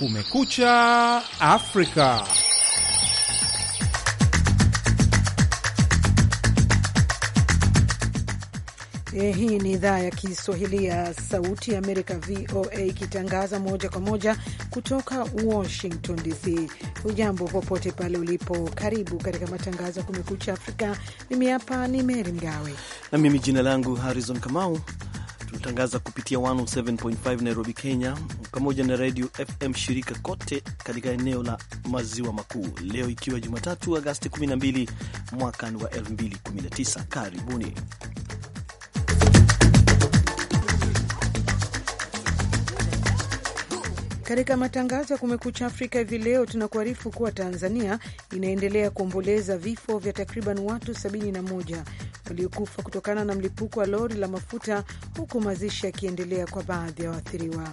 Kumekucha Afrika. Eh, hii ni idhaa ya Kiswahili ya Sauti ya Amerika, VOA, ikitangaza moja kwa moja kutoka Washington DC. Ujambo popote pale ulipo, karibu katika matangazo ya Kumekucha Afrika. Mimi hapa ni Meri Mgawe na mimi jina langu Harrison Kamau Tunatangaza kupitia 107.5 Nairobi, Kenya, pamoja na redio FM shirika kote katika eneo la maziwa makuu, leo ikiwa Jumatatu Agasti 12 mwaka wa 2019. Karibuni. Katika matangazo ya Kumekucha Afrika hivi leo tunakuarifu kuwa Tanzania inaendelea kuomboleza vifo vya takriban watu 71 waliokufa kutokana na mlipuko wa lori la mafuta, huku mazishi yakiendelea kwa baadhi ya waathiriwa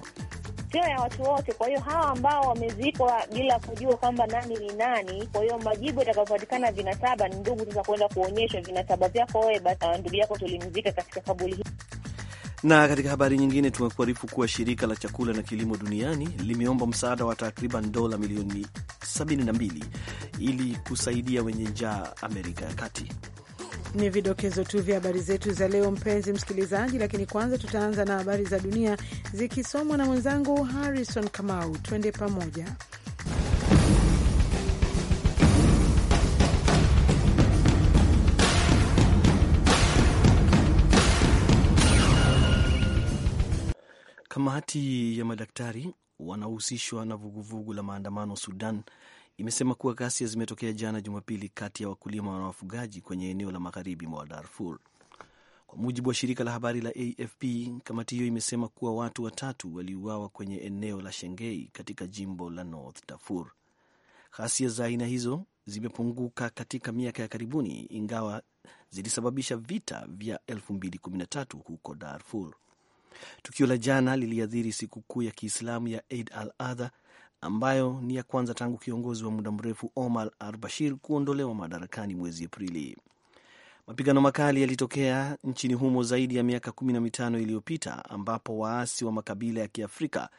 sio ya watu wote. Kwa hiyo hawa ambao wamezikwa bila kujua kwamba nani ni nani, kwa hiyo majibu yatakayopatikana vinasaba ni ndugu sasa kuenda kuonyeshwa vinasaba vyako wewe, basi ndugu yako tulimzika katika kaburi hii. Na katika habari nyingine tumekuarifu kuwa shirika la chakula na kilimo duniani limeomba msaada wa takriban dola milioni 72 ili kusaidia wenye njaa Amerika ya Kati. Ni vidokezo tu vya habari zetu za leo, mpenzi msikilizaji, lakini kwanza tutaanza na habari za dunia zikisomwa na mwenzangu Harrison Kamau. Twende pamoja. Kamati ya madaktari wanaohusishwa na vuguvugu la maandamano Sudan imesema kuwa ghasia zimetokea jana Jumapili kati ya wakulima na wafugaji kwenye eneo la magharibi mwa Darfur. Kwa mujibu wa shirika la habari la AFP, kamati hiyo imesema kuwa watu watatu waliuawa kwenye eneo la Shengei katika jimbo la North Darfur. Ghasia za aina hizo zimepunguka katika miaka ya karibuni, ingawa zilisababisha vita vya 2013 huko Darfur. Tukio la jana liliadhiri sikukuu ya Kiislamu ya Eid al Adha ambayo ni ya kwanza tangu kiongozi wa muda mrefu Omar al Bashir kuondolewa madarakani mwezi Aprili. Mapigano makali yalitokea nchini humo zaidi ya miaka kumi na mitano iliyopita ambapo waasi wa makabila ya Kiafrika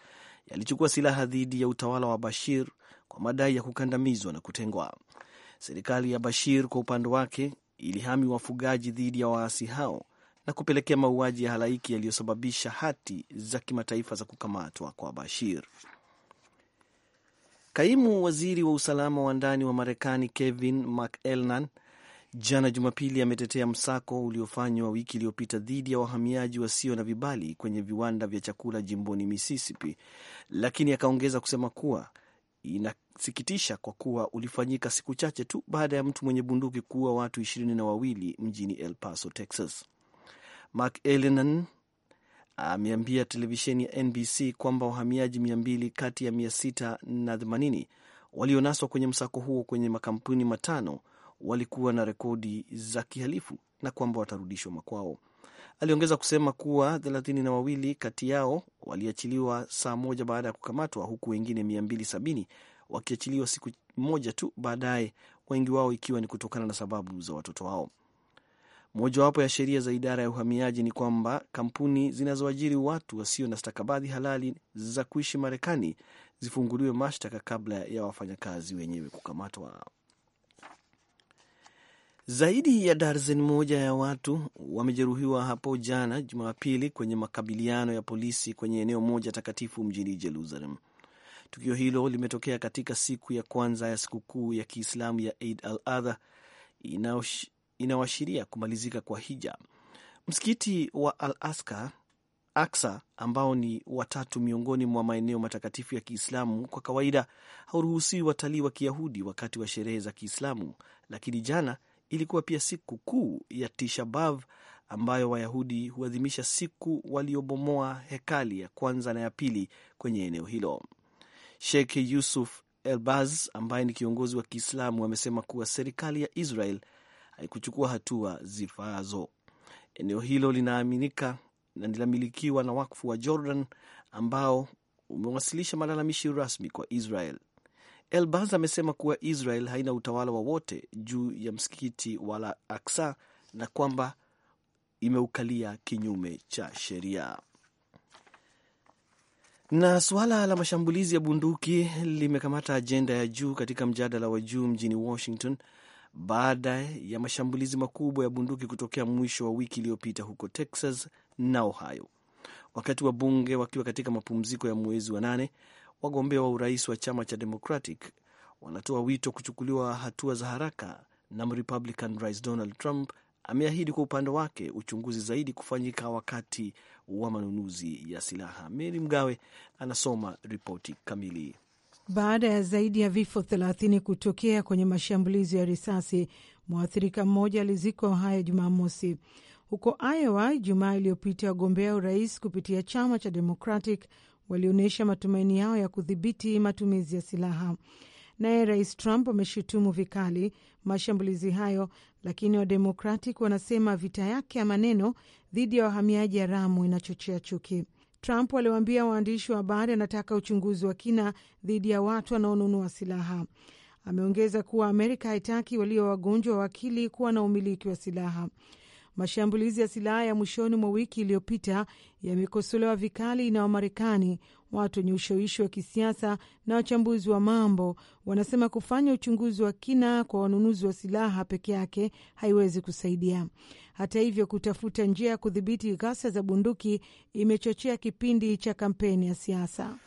yalichukua silaha dhidi ya utawala wa Bashir kwa madai ya kukandamizwa na kutengwa. Serikali ya Bashir kwa upande wake ilihami wafugaji dhidi ya waasi hao na kupelekea mauaji ya halaiki yaliyosababisha hati za kimataifa za kukamatwa kwa Bashir. Kaimu waziri wa usalama wa ndani wa Marekani Kevin McElnan jana Jumapili ametetea msako uliofanywa wiki iliyopita dhidi ya wahamiaji wasio na vibali kwenye viwanda vya chakula jimboni Mississippi, lakini akaongeza kusema kuwa inasikitisha kwa kuwa ulifanyika siku chache tu baada ya mtu mwenye bunduki kuua watu ishirini na wawili mjini El Paso, Texas. Mark Ellenan ameambia televisheni ya NBC kwamba wahamiaji 200 kati ya 680 walionaswa kwenye msako huo kwenye makampuni matano walikuwa na rekodi za kihalifu na kwamba watarudishwa makwao. Aliongeza kusema kuwa thelathini na wawili kati yao waliachiliwa saa moja baada ya kukamatwa huku wengine 270 wakiachiliwa siku moja tu baadaye, wengi wao ikiwa ni kutokana na sababu za watoto wao. Mojawapo ya sheria za idara ya uhamiaji ni kwamba kampuni zinazoajiri watu wasio na stakabadhi halali za kuishi Marekani zifunguliwe mashtaka kabla ya wafanyakazi wenyewe kukamatwa. Zaidi ya darzeni moja ya watu wamejeruhiwa hapo jana Jumapili kwenye makabiliano ya polisi kwenye eneo moja takatifu mjini Jerusalem. Tukio hilo limetokea katika siku ya kwanza ya sikukuu ya Kiislamu ya Eid al-Adha inayoashiria kumalizika kwa hija. Msikiti wa Al Aska, Aksa ambao ni watatu miongoni mwa maeneo matakatifu ya Kiislamu kwa kawaida hauruhusiwi watalii wa Kiyahudi wakati wa sherehe za Kiislamu, lakini jana ilikuwa pia siku kuu ya Tishabav ambayo Wayahudi huadhimisha siku waliobomoa hekali ya kwanza na ya pili kwenye eneo hilo. Sheikh Yusuf Elbaz ambaye ni kiongozi wa Kiislamu amesema kuwa serikali ya Israel haikuchukua eh, hatua zifaazo. Eneo hilo linaaminika na linamilikiwa na wakfu wa Jordan ambao umewasilisha malalamishi rasmi kwa Israel. Elbaz amesema kuwa Israel haina utawala wowote juu ya msikiti wa Al Aksa na kwamba imeukalia kinyume cha sheria. Na suala la mashambulizi ya bunduki limekamata ajenda ya juu katika mjadala wa juu mjini Washington baada ya mashambulizi makubwa ya bunduki kutokea mwisho wa wiki iliyopita huko Texas na Ohio. Wakati wa bunge wakiwa katika mapumziko ya mwezi wa nane, wagombea wa urais wa chama cha Democratic wanatoa wito kuchukuliwa hatua za haraka, na Republican Rais Donald Trump ameahidi kwa upande wake uchunguzi zaidi kufanyika wakati wa manunuzi ya silaha. Meri Mgawe anasoma ripoti kamili baada ya zaidi ya vifo thelathini kutokea kwenye mashambulizi ya risasi. Mwathirika mmoja alizikwa haya Jumamosi huko Iowa. Jumaa iliyopita wagombea urais kupitia chama cha Democratic walionyesha matumaini yao ya kudhibiti matumizi ya silaha. Naye Rais Trump ameshutumu vikali mashambulizi hayo, lakini Wademokratic wanasema vita yake ya maneno dhidi ya wahamiaji haramu inachochea chuki. Trump aliwaambia waandishi wa habari anataka uchunguzi wa kina dhidi ya watu wanaonunua silaha. Ameongeza kuwa Amerika haitaki walio wagonjwa wa akili kuwa na umiliki wa silaha. Mashambulizi ya silaha ya mwishoni mwa wiki iliyopita yamekosolewa vikali na Wamarekani. Watu wenye ushawishi wa kisiasa na wachambuzi wa mambo wanasema kufanya uchunguzi wa kina kwa wanunuzi wa silaha peke yake haiwezi kusaidia. Hata hivyo, kutafuta njia ya kudhibiti ghasia za bunduki imechochea kipindi cha kampeni ya siasa.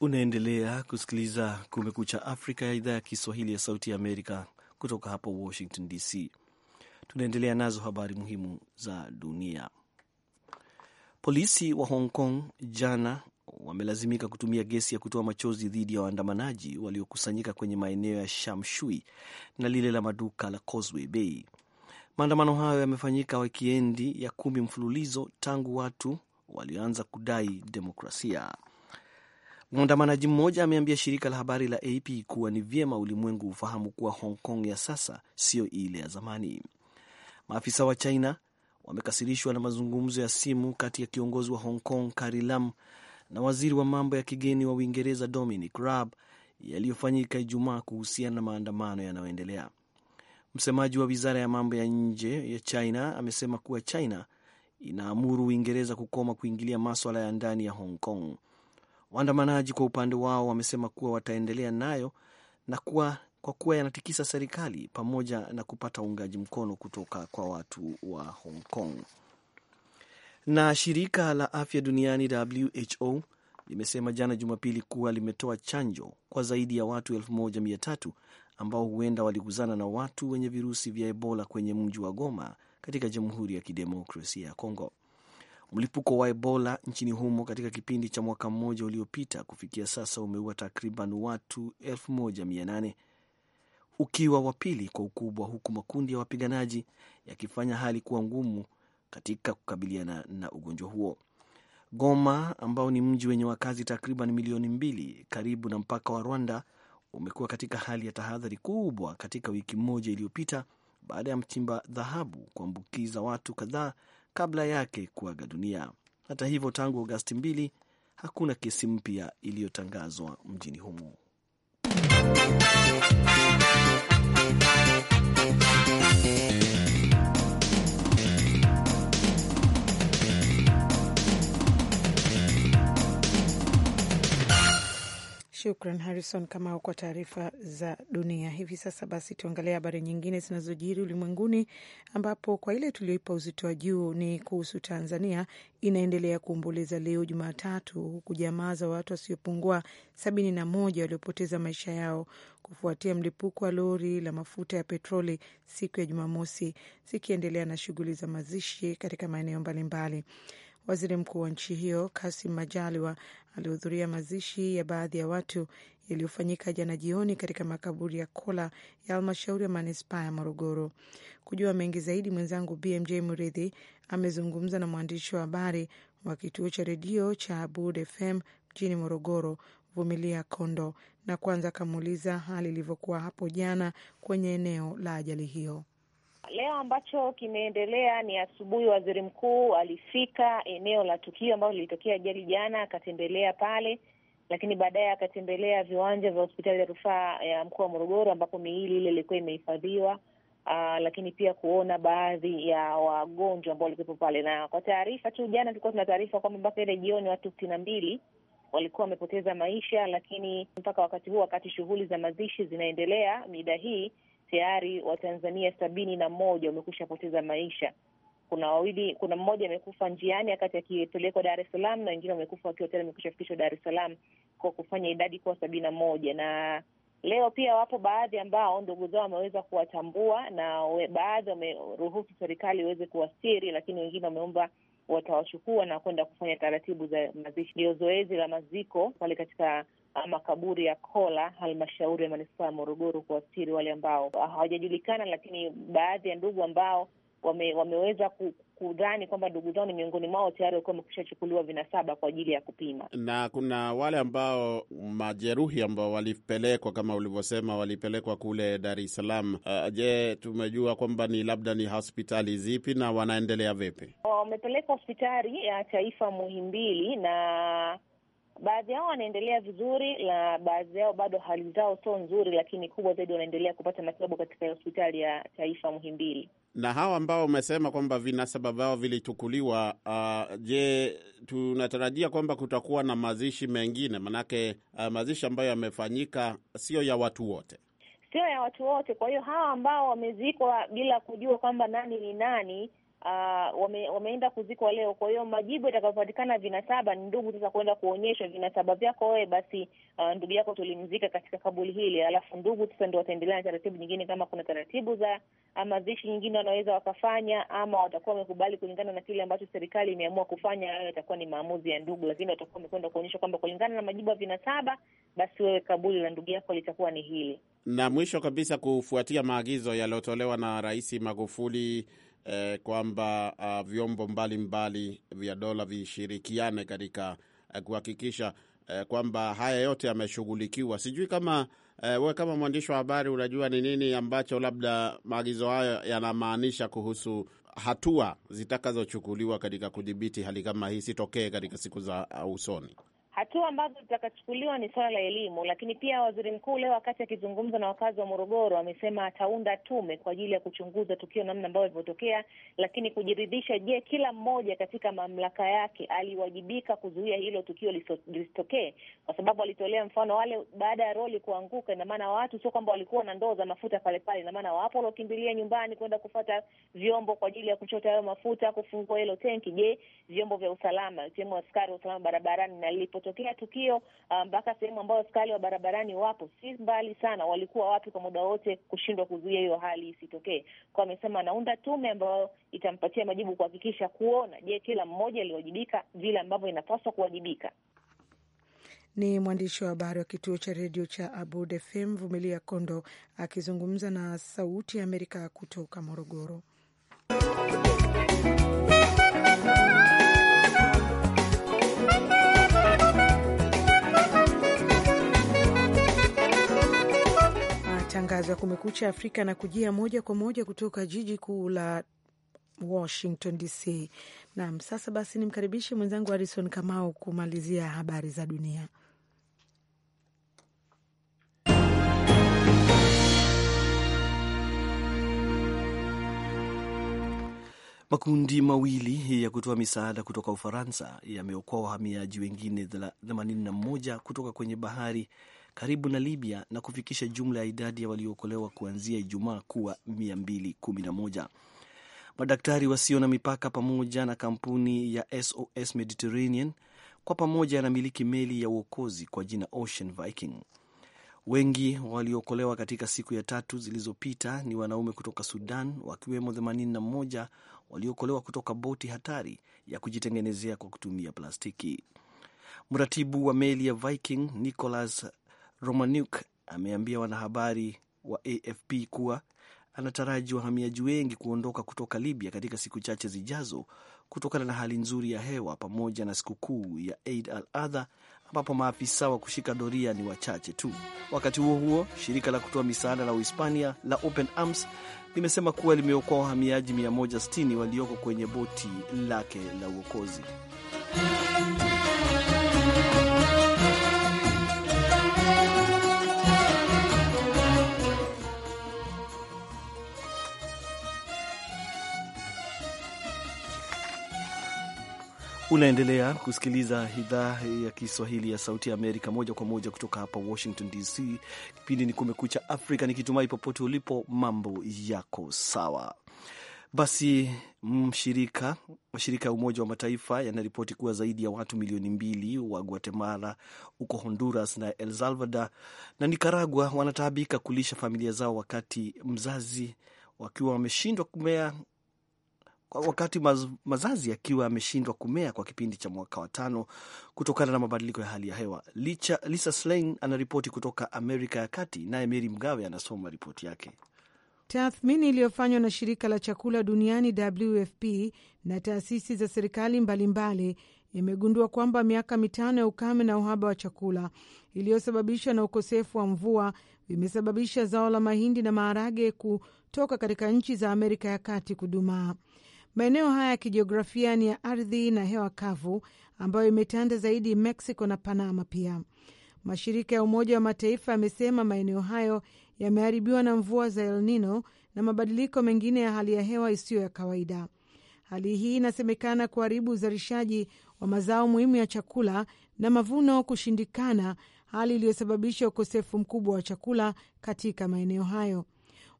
Unaendelea kusikiliza Kumekucha Afrika ya idhaa ya Kiswahili ya Sauti ya Amerika kutoka hapa Washington DC. Tunaendelea nazo habari muhimu za dunia. Polisi wa Hong Kong jana wamelazimika kutumia gesi ya kutoa machozi dhidi ya waandamanaji waliokusanyika kwenye maeneo ya Shamshui na lile la maduka la Causeway Bay. Maandamano hayo yamefanyika wikiendi ya kumi mfululizo tangu watu walioanza kudai demokrasia. Mwandamanaji mmoja ameambia shirika la habari la AP kuwa ni vyema ulimwengu ufahamu kuwa Hong Kong ya sasa siyo ile ya zamani. Maafisa wa China wamekasirishwa na mazungumzo ya simu kati ya kiongozi wa Hong Kong Carrie Lam na waziri wa mambo ya kigeni wa Uingereza Dominic Raab yaliyofanyika Ijumaa kuhusiana na maandamano yanayoendelea. Msemaji wa wizara ya mambo ya nje ya China amesema kuwa China inaamuru Uingereza kukoma kuingilia maswala ya ndani ya Hong Kong. Waandamanaji kwa upande wao wamesema kuwa wataendelea nayo na kuwa kwa kuwa yanatikisa serikali pamoja na kupata uungaji mkono kutoka kwa watu wa Hong Kong. Na shirika la afya duniani WHO limesema jana Jumapili kuwa limetoa chanjo kwa zaidi ya watu 1300 ambao huenda waliguzana na watu wenye virusi vya Ebola kwenye mji wa Goma katika Jamhuri ya Kidemokrasia ya Kongo. Mlipuko wa Ebola nchini humo katika kipindi cha mwaka mmoja uliopita kufikia sasa umeua takriban watu 1800 ukiwa wa pili kwa ukubwa, huku makundi ya wapiganaji yakifanya hali kuwa ngumu katika kukabiliana na ugonjwa huo. Goma ambao ni mji wenye wakazi takriban milioni mbili karibu na mpaka wa Rwanda umekuwa katika hali ya tahadhari kubwa katika wiki moja iliyopita baada ya mchimba dhahabu kuambukiza watu kadhaa kabla yake kuaga dunia. Hata hivyo, tangu Agosti mbili hakuna kesi mpya iliyotangazwa mjini humo. Shukran Harrison Kamau kwa taarifa za dunia. Hivi sasa basi, tuangalie habari nyingine zinazojiri ulimwenguni, ambapo kwa ile tulioipa uzito wa juu ni kuhusu Tanzania inaendelea kuomboleza leo Jumatatu, huku jamaa za watu wasiopungua sabini na moja waliopoteza maisha yao kufuatia mlipuko wa lori la mafuta ya petroli siku ya Jumamosi, zikiendelea na shughuli za mazishi katika maeneo mbalimbali. Waziri mkuu wa nchi hiyo Kasim Majaliwa alihudhuria mazishi ya baadhi ya watu yaliyofanyika jana jioni katika makaburi ya Kola ya halmashauri ya manispaa ya Morogoro. Kujua mengi zaidi, mwenzangu BMJ murithi amezungumza na mwandishi wa habari wa kituo cha redio cha Abud FM mjini Morogoro, Vumilia Kondo, na kwanza akamuuliza hali ilivyokuwa hapo jana kwenye eneo la ajali hiyo. Leo ambacho kimeendelea ni asubuhi, waziri mkuu alifika eneo la tukio ambalo lilitokea ajali jana, akatembelea pale, lakini baadaye akatembelea viwanja vya hospitali ya rufaa ya mkoa wa Morogoro ambapo miili ile ilikuwa imehifadhiwa. Uh, lakini pia kuona baadhi ya wagonjwa ambao walikuwepo pale, na kwa taarifa tu, jana tulikuwa tuna taarifa kwamba mpaka ile jioni watu sitini na mbili walikuwa wamepoteza maisha, lakini mpaka wakati huu, wakati shughuli za mazishi zinaendelea mida hii tayari Watanzania sabini na moja wamekusha poteza maisha. Kuna wawili, kuna mmoja amekufa njiani akati akipelekwa Dar es Salaam na wengine wamekufa wakiwa tayari wamekwisha fikishwa Dar es Salaam, kwa kufanya idadi kuwa sabini na moja na leo pia wapo baadhi ambao ndugu zao wameweza kuwatambua na baadhi wameruhusu serikali iweze kuwasiri, lakini wengine wameomba watawachukua na kwenda kufanya taratibu za mazishi. Ndio zoezi la maziko pale katika makaburi ya Kola halmashauri ya manispaa ya Morogoro kuwastiri wale ambao hawajajulikana, lakini baadhi ya ndugu ambao wame, wameweza ku kudhani kwamba ndugu zao ni miongoni mwao tayari walikuwa wamekwishachukuliwa vinasaba kwa ajili ya kupima. Na kuna wale ambao majeruhi ambao walipelekwa kama ulivyosema, walipelekwa kule Dar es Salaam. Uh, je, tumejua kwamba ni labda ni hospitali zipi na wanaendelea vipi? Wamepelekwa hospitali ya taifa Muhimbili na Baadhi yao wanaendelea vizuri, na baadhi yao bado hali zao sio nzuri, lakini kubwa zaidi wanaendelea kupata matibabu katika hospitali ya taifa Muhimbili. Na hawa ambao umesema kwamba vinasaba vyao vilichukuliwa, uh, ah, je, tunatarajia kwamba kutakuwa na mazishi mengine? Manake uh, mazishi ambayo yamefanyika sio ya watu wote sio ya watu wote. Kwa hiyo hawa ambao wamezikwa bila kujua kwamba nani ni nani uh, wame, wameenda kuzikwa leo. Kwa hiyo majibu yatakayopatikana vinasaba, ni ndugu sasa kuenda kuonyeshwa vinasaba vyako wewe, basi uh, ndugu yako tulimzika katika kaburi hili, alafu ndugu sasa ndio wataendelea na taratibu nyingine, kama kuna taratibu za uh, mazishi nyingine wanaweza wakafanya, ama watakuwa wamekubali kulingana na kile ambacho serikali imeamua kufanya. Hayo yatakuwa ni maamuzi ya ndugu, lakini watakuwa wamekwenda kuonyeshwa kwamba kulingana na majibu ya vinasaba, basi wewe kaburi la ndugu yako litakuwa ni hili. Na mwisho kabisa, kufuatia maagizo yaliyotolewa na Rais Magufuli eh, kwamba uh, vyombo mbalimbali vya dola vishirikiane katika uh, kuhakikisha uh, kwamba haya yote yameshughulikiwa. Sijui kama eh, wewe we kama mwandishi wa habari unajua ni nini ambacho labda maagizo hayo yanamaanisha kuhusu hatua zitakazochukuliwa katika kudhibiti hali kama hii sitokee katika siku za ah, usoni hatua ambazo zitakachukuliwa ni suala la elimu, lakini pia waziri mkuu leo wakati akizungumza na wakazi wa Morogoro amesema ataunda tume kwa ajili ya kuchunguza tukio namna ambayo ilivyotokea, lakini kujiridhisha, je, kila mmoja katika mamlaka yake aliwajibika kuzuia hilo tukio lisitokee? Kwa sababu alitolea mfano wale baada ya roli kuanguka, inamaana watu sio kwamba walikuwa na ndoo za mafuta pale pale, inamaana wapo waliokimbilia nyumbani kwenda kufata vyombo kwa ajili ya kuchota hayo mafuta, kufungua hilo tenki. Je, vyombo vya usalama ikiwemo askari wa usalama barabarani na lilipotokea kufuatilia tukio ah, mpaka um, sehemu ambayo askari wa barabarani wapo si mbali sana, walikuwa wapi kwa muda wote kushindwa kuzuia hiyo hali isitokee. Kwa amesema anaunda tume ambayo itampatia majibu kuhakikisha kuona, je, kila mmoja aliwajibika vile ambavyo inapaswa kuwajibika. Ni mwandishi wa habari wa kituo cha redio cha Abud FM Vumilia Kondo akizungumza na Sauti ya Amerika kutoka Morogoro. Matangazo ya Kumekucha Afrika na kujia moja kwa moja kutoka jiji kuu la Washington DC. Naam, sasa basi nimkaribishe mwenzangu Harison Kamau kumalizia habari za dunia. Makundi mawili ya kutoa misaada kutoka Ufaransa yameokoa wahamiaji wengine 81 kutoka kwenye bahari karibu na Libya na kufikisha jumla ya idadi ya waliookolewa kuanzia Ijumaa kuwa 211. Madaktari Wasio na Mipaka pamoja na kampuni ya SOS Mediterranean kwa pamoja yanamiliki meli ya uokozi kwa jina Ocean Viking. Wengi waliokolewa katika siku ya tatu zilizopita ni wanaume kutoka Sudan, wakiwemo 81 waliokolewa kutoka boti hatari ya kujitengenezea kwa kutumia plastiki. Mratibu wa meli ya Viking Nicolas Romanuk ameambia wanahabari wa AFP kuwa anataraji wahamiaji wengi kuondoka kutoka Libya katika siku chache zijazo kutokana na hali nzuri ya hewa pamoja na sikukuu ya Eid al-Adha ambapo maafisa wa kushika doria ni wachache tu. Wakati huo huo, shirika la kutoa misaada la Uhispania la Open Arms limesema kuwa limeokoa wahamiaji 160 walioko kwenye boti lake la uokozi. Unaendelea kusikiliza idhaa ya Kiswahili ya Sauti ya Amerika moja kwa moja kutoka hapa Washington DC. Kipindi ni Kumekucha Afrika, nikitumai popote ulipo mambo yako sawa. Basi mshirika mashirika ya Umoja wa Mataifa yanaripoti kuwa zaidi ya watu milioni mbili wa Guatemala, huko Honduras na El Salvador na Nicaragua wanataabika kulisha familia zao wakati mzazi wakiwa wameshindwa kumea wakati maz, mazazi akiwa ameshindwa kumea kwa kipindi cha mwaka wa tano kutokana na mabadiliko ya hali ya hewa. Licha, Lisa Schlein anaripoti kutoka Amerika ya Kati, naye Meri Mgawe anasoma ripoti yake. Tathmini iliyofanywa na shirika la chakula duniani WFP na taasisi za serikali mbalimbali imegundua kwamba miaka mitano ya ukame na uhaba wa chakula iliyosababishwa na ukosefu wa mvua vimesababisha zao la mahindi na maharage kutoka katika nchi za Amerika ya Kati kudumaa. Maeneo haya ya kijiografia ni ya ardhi na hewa kavu ambayo imetanda zaidi Mexico na Panama. Pia mashirika ya Umoja wa Mataifa yamesema maeneo hayo yameharibiwa na mvua za El Nino na mabadiliko mengine ya hali ya hewa isiyo ya kawaida. Hali hii inasemekana kuharibu uzalishaji wa mazao muhimu ya chakula na mavuno kushindikana, hali iliyosababisha ukosefu mkubwa wa chakula katika maeneo hayo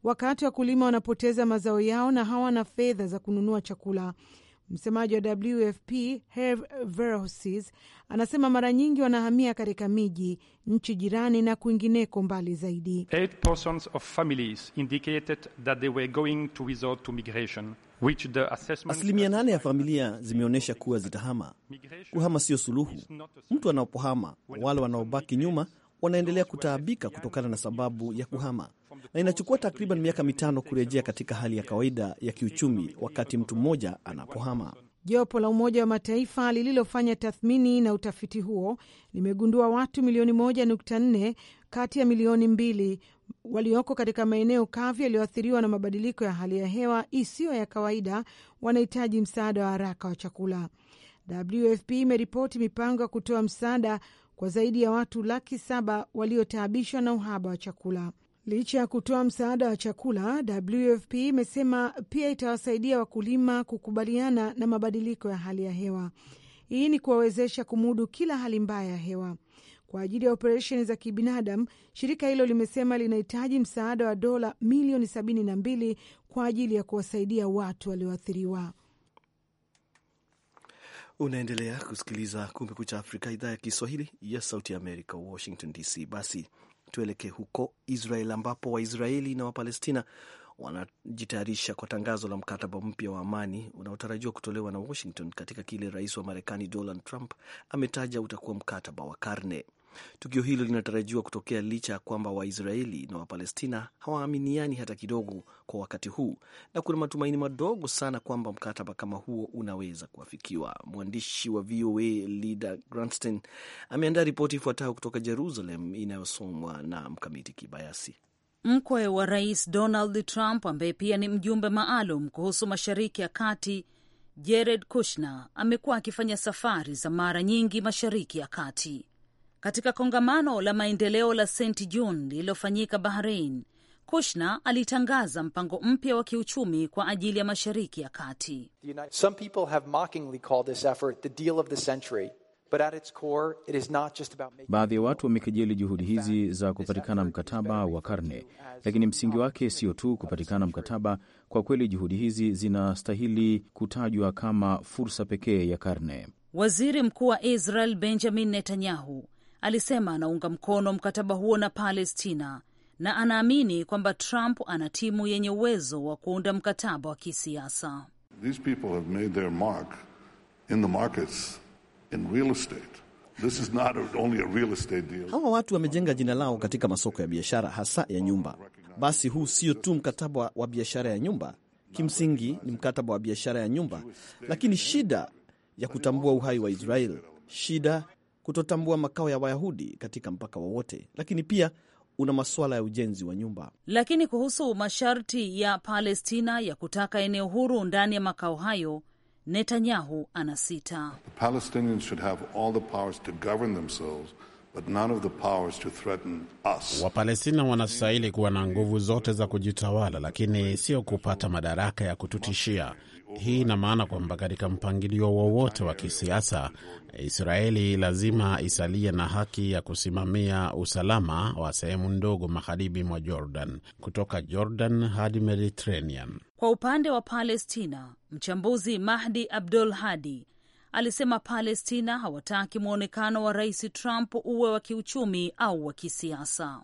wakati wakulima wanapoteza mazao yao na hawana fedha za kununua chakula. Msemaji wa WFP Herve Verheusen anasema mara nyingi wanahamia katika miji, nchi jirani na kwingineko mbali zaidi. Asilimia nane ya familia zimeonyesha kuwa zitahama. Kuhama sio suluhu. Mtu anapohama, wale wanaobaki nyuma wanaendelea kutaabika kutokana na sababu ya kuhama na inachukua takriban miaka mitano kurejea katika hali ya kawaida ya kiuchumi wakati mtu mmoja anapohama. Jopo la Umoja wa Mataifa lililofanya tathmini na utafiti huo limegundua watu milioni 1.4 kati ya milioni mbili walioko katika maeneo kavu yaliyoathiriwa na mabadiliko ya hali ya hewa isiyo ya kawaida wanahitaji msaada wa haraka wa chakula. WFP imeripoti mipango ya kutoa msaada kwa zaidi ya watu laki saba waliotaabishwa na uhaba wa chakula. Licha ya kutoa msaada wa chakula, WFP imesema pia itawasaidia wakulima kukubaliana na mabadiliko ya hali ya hewa. Hii ni kuwawezesha kumudu kila hali mbaya ya hewa. Kwa ajili ya operesheni za kibinadamu, shirika hilo limesema linahitaji msaada wa dola milioni mbili kwa ajili ya kuwasaidia watu walioathiriwa. Unaendelea kusikiliza Kumekucha Afrika, idhaa ya Kiswahili ya Sauti ya Amerika, Washington DC. Basi tuelekee huko Israel ambapo Waisraeli na Wapalestina wanajitayarisha kwa tangazo la mkataba mpya wa amani unaotarajiwa kutolewa na Washington katika kile rais wa Marekani Donald Trump ametaja utakuwa mkataba wa karne. Tukio hilo linatarajiwa kutokea licha ya kwamba Waisraeli na Wapalestina hawaaminiani hata kidogo kwa wakati huu, na kuna matumaini madogo sana kwamba mkataba kama huo unaweza kuafikiwa. Mwandishi wa VOA Lida Granstein ameandaa ripoti ifuatayo kutoka Jerusalem, inayosomwa na Mkamiti Kibayasi. Mkwe wa Rais Donald Trump ambaye pia ni mjumbe maalum kuhusu Mashariki ya Kati Jared Kushner amekuwa akifanya safari za mara nyingi Mashariki ya Kati. Katika kongamano la maendeleo la St John lililofanyika Bahrain, Kushner alitangaza mpango mpya wa kiuchumi kwa ajili ya Mashariki ya Kati. Baadhi ya watu wamekejeli juhudi hizi za kupatikana mkataba wa karne, lakini msingi wake sio tu kupatikana mkataba. Kwa kweli, juhudi hizi zinastahili kutajwa kama fursa pekee ya karne. Waziri Mkuu wa Israel Benjamin Netanyahu alisema anaunga mkono mkataba huo na Palestina na anaamini kwamba Trump ana timu yenye uwezo wa kuunda mkataba wa kisiasa. Hawa watu wamejenga jina lao katika masoko ya biashara, hasa ya nyumba. Basi huu sio tu mkataba wa biashara ya nyumba, kimsingi ni mkataba wa biashara ya nyumba. Lakini shida ya kutambua uhai wa israel shida kutotambua makao ya Wayahudi katika mpaka wowote, lakini pia una masuala ya ujenzi wa nyumba. Lakini kuhusu masharti ya Palestina ya kutaka eneo huru ndani ya makao hayo, Netanyahu anasita. Wapalestina wanastahili kuwa na nguvu zote za kujitawala, lakini sio kupata madaraka ya kututishia. Hii ina maana kwamba katika mpangilio wowote wa kisiasa, Israeli lazima isalie na haki ya kusimamia usalama wa sehemu ndogo magharibi mwa Jordan, kutoka Jordan hadi Mediterranean. Kwa upande wa Palestina, mchambuzi Mahdi Abdul Hadi alisema Palestina hawataki mwonekano wa Rais Trump uwe wa kiuchumi au wa kisiasa.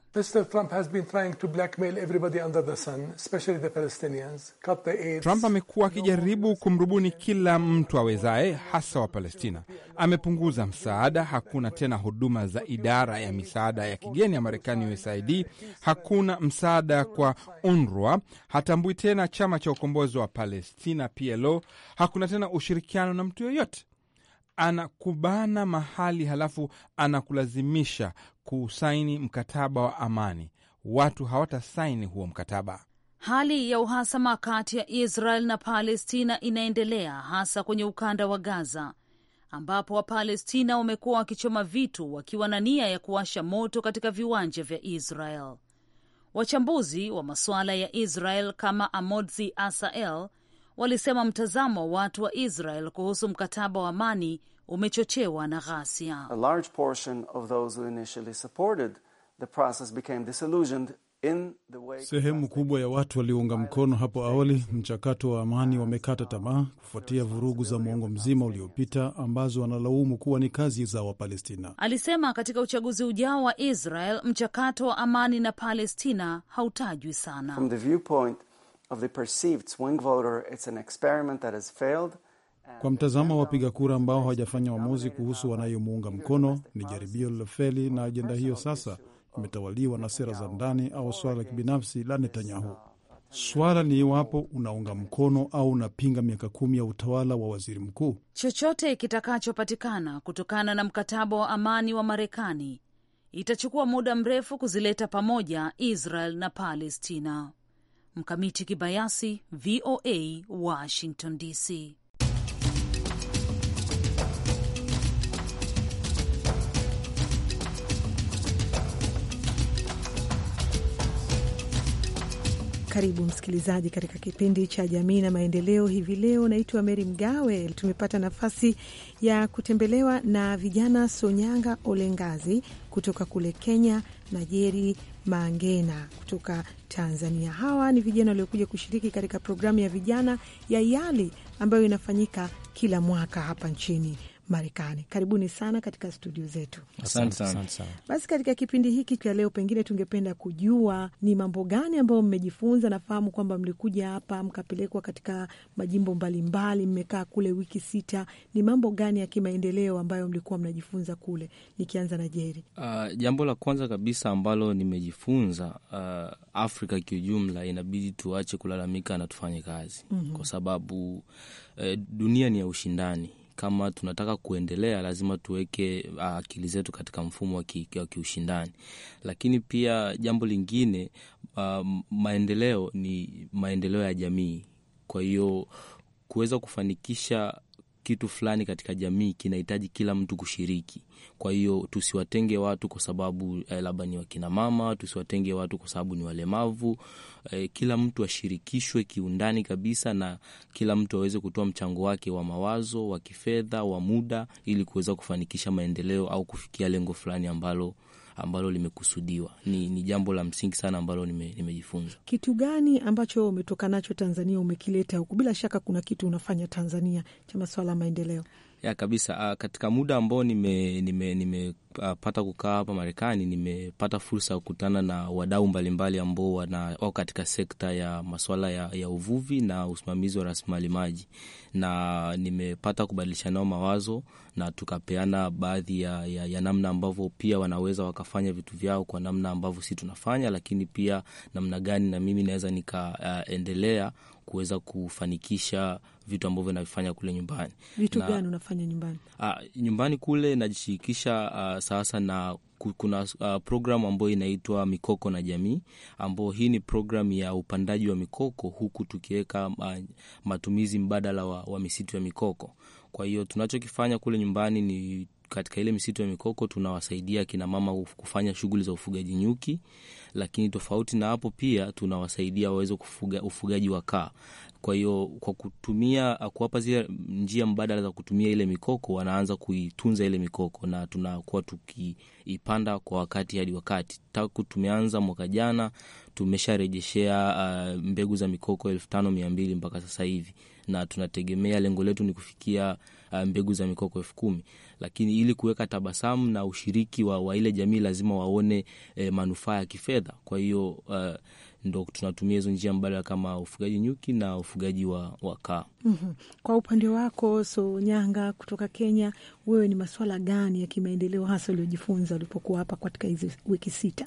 Trump amekuwa akijaribu kumrubuni kila mtu awezaye, hasa wa Palestina. Amepunguza msaada, hakuna tena huduma za idara ya misaada ya kigeni ya Marekani, USAID. Hakuna msaada kwa UNRWA, hatambui tena chama cha ukombozi wa Palestina, PLO. Hakuna tena ushirikiano na mtu yoyote anakubana mahali halafu anakulazimisha kusaini mkataba wa amani. Watu hawatasaini huo mkataba. Hali ya uhasama kati ya Israel na Palestina inaendelea hasa kwenye ukanda wa Gaza ambapo Wapalestina wamekuwa wakichoma vitu wakiwa na nia ya kuwasha moto katika viwanja vya Israel. Wachambuzi wa masuala ya Israel kama Amodzi Asael walisema mtazamo wa watu wa Israel kuhusu mkataba wa amani umechochewa na ghasia. Sehemu kubwa ya watu waliounga mkono hapo awali mchakato wa amani wamekata tamaa kufuatia vurugu za mwongo mzima uliopita ambazo wanalaumu kuwa ni kazi za Wapalestina. Alisema katika uchaguzi ujao wa Israel mchakato wa amani na Palestina hautajwi sana. From the viewpoint kwa mtazamo wa wapiga kura ambao hawajafanya uamuzi kuhusu wanayomuunga mkono, ni jaribio lilofeli, na ajenda hiyo sasa imetawaliwa na sera za ndani au swala la kibinafsi la Netanyahu. Uh, swala ni iwapo unaunga mkono au unapinga miaka kumi ya utawala wa waziri mkuu. Chochote kitakachopatikana kutokana na mkataba wa amani wa Marekani itachukua muda mrefu kuzileta pamoja Israel na Palestina. Mkamiti Kibayasi, VOA, Washington DC. Karibu msikilizaji katika kipindi cha jamii na maendeleo. Hivi leo naitwa Meri Mgawe. Tumepata nafasi ya kutembelewa na vijana Sonyanga Olengazi kutoka kule Kenya na Jeri Mangena kutoka Tanzania. Hawa ni vijana waliokuja kushiriki katika programu ya vijana ya YALI ambayo inafanyika kila mwaka hapa nchini. Marekani. Karibuni sana katika studio zetu. Asante sana. Basi katika kipindi hiki cha leo, pengine tungependa kujua ni mambo gani ambayo mmejifunza. Nafahamu kwamba mlikuja hapa mkapelekwa katika majimbo mbalimbali, mmekaa kule wiki sita. Ni mambo gani ya kimaendeleo ambayo mlikuwa mnajifunza kule? Nikianza na Jeri. Uh, ah, jambo la kwanza kabisa ambalo nimejifunza, uh, Afrika kiujumla, inabidi tuache kulalamika na tufanye kazi mm -hmm. kwa sababu uh, dunia ni ya ushindani kama tunataka kuendelea, lazima tuweke ah, akili zetu katika mfumo wa ki, kiushindani. Lakini pia jambo lingine uh, maendeleo ni maendeleo ya jamii, kwa hiyo kuweza kufanikisha kitu fulani katika jamii kinahitaji kila mtu kushiriki. Kwa hiyo tusiwatenge watu kwa sababu eh, labda ni wakinamama, tusiwatenge watu kwa sababu ni walemavu. Eh, kila mtu ashirikishwe kiundani kabisa, na kila mtu aweze kutoa mchango wake wa mawazo, wa kifedha, wa muda, ili kuweza kufanikisha maendeleo au kufikia lengo fulani ambalo ambalo limekusudiwa. Ni, ni jambo la msingi sana ambalo nime, nimejifunza. Kitu gani ambacho umetoka nacho Tanzania umekileta huku? Bila shaka kuna kitu unafanya Tanzania cha masuala ya maendeleo ya kabisa. Ah, katika muda ambao nimepata nime, nime, ah, kukaa hapa Marekani, nimepata fursa ya kukutana na wadau mbalimbali ambao wako katika sekta ya masuala ya, ya uvuvi na usimamizi wa rasilimali maji, na nimepata kubadilishana nao mawazo na tukapeana baadhi ya, ya, ya namna ambavyo pia wanaweza wakafanya vitu vyao kwa namna ambavyo si tunafanya, lakini pia namna gani na mimi naweza nikaendelea ah, uh, kuweza kufanikisha vitu ambavyo navifanya kule nyumbani. Vitu gani unafanya nyumbani? Uh, nyumbani kule najishirikisha ah, sasa na kuna uh, ah, programu ambayo inaitwa Mikoko na Jamii, ambayo hii ni programu ya upandaji wa mikoko huku tukiweka uh, matumizi mbadala wa, wa misitu ya mikoko. Kwa hiyo tunachokifanya kule nyumbani ni katika ile misitu ya mikoko tunawasaidia kina mama kufanya shughuli za ufugaji nyuki lakini tofauti na hapo pia tunawasaidia waweze kufuga ufugaji wa kaa. Kwa hiyo kwa kutumia kuwapa zile njia mbadala za kutumia ile mikoko, wanaanza kuitunza ile mikoko na tunakuwa tukiipanda kwa wakati hadi wakati. taku tumeanza mwaka jana tumesharejeshea uh, mbegu za mikoko elfu tano mia mbili mpaka sasa hivi, na tunategemea lengo letu ni kufikia Uh, mbegu za mikoko elfu kumi lakini ili kuweka tabasamu na ushiriki wa, wa ile jamii lazima waone e, manufaa ya kifedha. Kwa hiyo uh, ndo tunatumia hizo njia mbadala kama ufugaji nyuki na ufugaji wa, wa kaa. mm -hmm. Kwa upande wako So Nyanga kutoka Kenya, wewe ni masuala gani ya kimaendeleo hasa uliojifunza ulipokuwa hapa katika hizi wiki sita?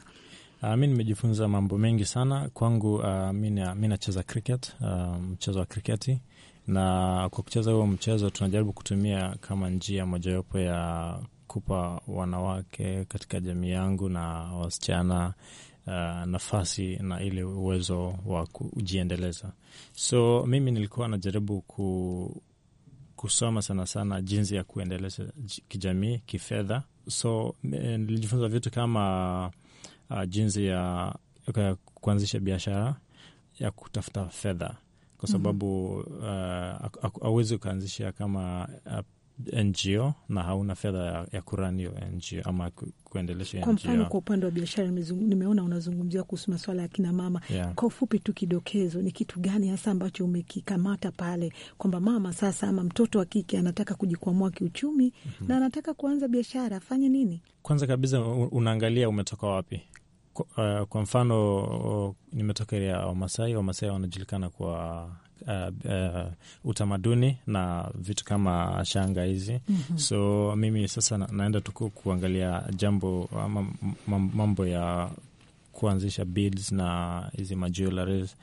Uh, ah, mi nimejifunza mambo mengi sana kwangu. Uh, ah, mi nacheza cricket, uh, mchezo wa kriketi na kwa kucheza huo mchezo tunajaribu kutumia kama njia mojawapo ya kupa wanawake katika jamii yangu na wasichana uh, nafasi na ile uwezo wa kujiendeleza. So mimi nilikuwa najaribu ku, kusoma sana sana jinsi ya kuendeleza kijamii, kifedha. So nilijifunza vitu kama uh, jinsi ya kuanzisha biashara ya kutafuta fedha kwa mhm. sababu uh, hauwezi uh, ukaanzisha kama NGO na hauna fedha ya kuran hiyo NGO ama kuendelesha NGO. Kwa mfano, kwa upande wa biashara nimeona unazungumzia kuhusu maswala ya kinamama yeah. Kwa ufupi tu kidokezo, ni kitu gani hasa ambacho umekikamata pale kwamba mama sasa ama mtoto wa kike anataka kujikwamua kiuchumi mm -hmm. na anataka kuanza biashara afanye nini? Kwanza kabisa unaangalia umetoka wapi kwa, uh, kwa mfano oh, nimetokelea Wamasai. Wamasai wanajulikana kwa uh, uh, utamaduni na vitu kama shanga hizi mm -hmm. So mimi sasa na, naenda tuku kuangalia jambo ama mambo ya kuanzisha beads na hizi majularies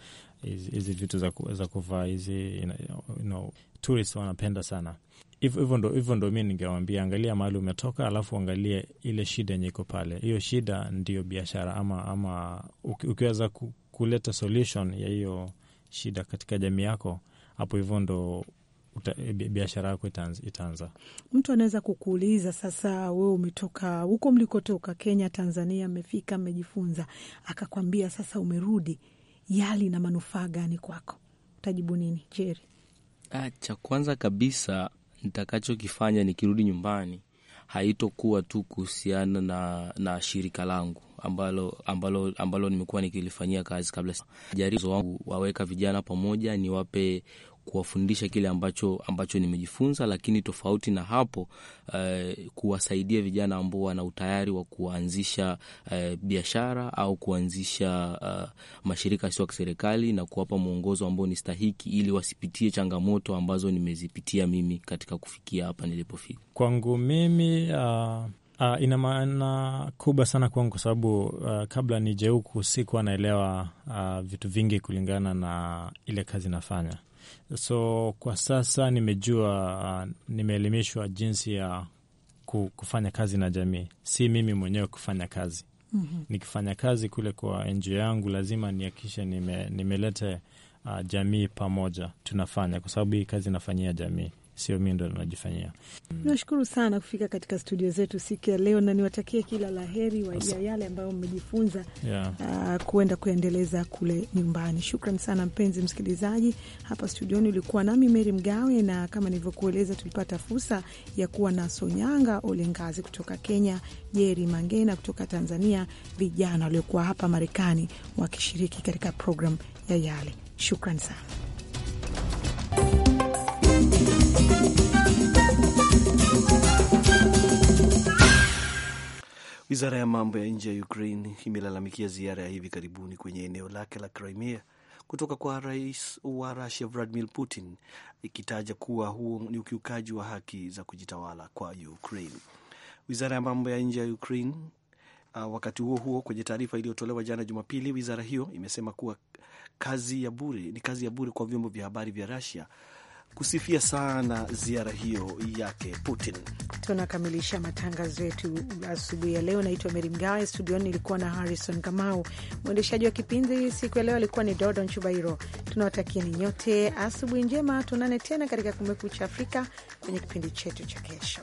hizi vitu za, za kuvaa hizi you know, wanapenda sana hivyo ndo, hivyo ndo mi ningewambia, angalia mahali umetoka, alafu angalie ile shida yenye iko pale. Hiyo shida ndiyo biashara ama, ama ukiweza kuleta solution ya hiyo shida katika jamii yako, hapo hivyo ndo biashara yako itaanza. Mtu anaweza kukuuliza sasa, wewe umetoka huko mlikotoka Kenya, Tanzania, amefika amejifunza, akakwambia sasa umerudi, yali na manufaa gani kwako? Utajibu nini Jeri? Ah, cha kwanza kabisa nitakachokifanya nikirudi nyumbani haitokuwa tu kuhusiana na, na shirika langu ambalo, ambalo, ambalo nimekuwa nikilifanyia kazi kabla. Jaribu wangu waweka vijana pamoja, niwape kuwafundisha kile ambacho, ambacho nimejifunza, lakini tofauti na hapo uh, kuwasaidia vijana ambao wana utayari wa kuanzisha uh, biashara au kuanzisha uh, mashirika sio ya kiserikali na kuwapa mwongozo ambao ni stahiki ili wasipitie changamoto ambazo nimezipitia mimi katika kufikia hapa nilipofika. Kwangu mimi uh... Uh, ina maana kubwa sana kwangu kwa sababu uh, kabla nijeuku sikuwa naelewa uh, vitu vingi kulingana na ile kazi nafanya. So kwa sasa nimejua, uh, nimeelimishwa jinsi ya kufanya kazi na jamii, si mimi mwenyewe kufanya kazi. Mm -hmm. Nikifanya kazi kule kwa NGO yangu lazima nihakikishe nime, nimelete uh, jamii pamoja tunafanya, kwa sababu hii kazi inafanyia jamii sio mi ndo najifanyia. Nashukuru sana kufika katika studio zetu siku ya leo, na niwatakie kila la heri ya yale ambayo mmejifunza yeah, uh, kuenda kuendeleza kule nyumbani. Shukran sana mpenzi msikilizaji, hapa studioni ulikuwa nami Meri Mgawe, na kama nilivyokueleza tulipata fursa ya kuwa na Sonyanga Olengazi kutoka Kenya, Jeri Mangena kutoka Tanzania, vijana waliokuwa hapa Marekani wakishiriki katika programu ya yale. Shukran sana. Wizara ya mambo ya nje ya Ukraine imelalamikia ziara ya hivi karibuni kwenye eneo lake la Crimea kutoka kwa rais wa Rusia Vladimir Putin, ikitaja kuwa huo ni ukiukaji wa haki za kujitawala kwa Ukraine. Wizara ya mambo ya nje ya Ukraine Uh, wakati huo huo, kwenye taarifa iliyotolewa jana Jumapili, wizara hiyo imesema kuwa kazi ya bure ni kazi ya bure kwa vyombo vya habari vya Russia kusifia sana ziara hiyo yake Putin. Tunakamilisha matangazo yetu asubuhi ya leo. Naitwa Meri Mgawe, studioni nilikuwa na Harrison Kamau. Mwendeshaji wa kipindi siku ya leo alikuwa ni dodo Nchubairo. tunawatakia ni nyote asubuhi njema, tunane tena katika Kumekucha Afrika kwenye kipindi chetu cha kesho.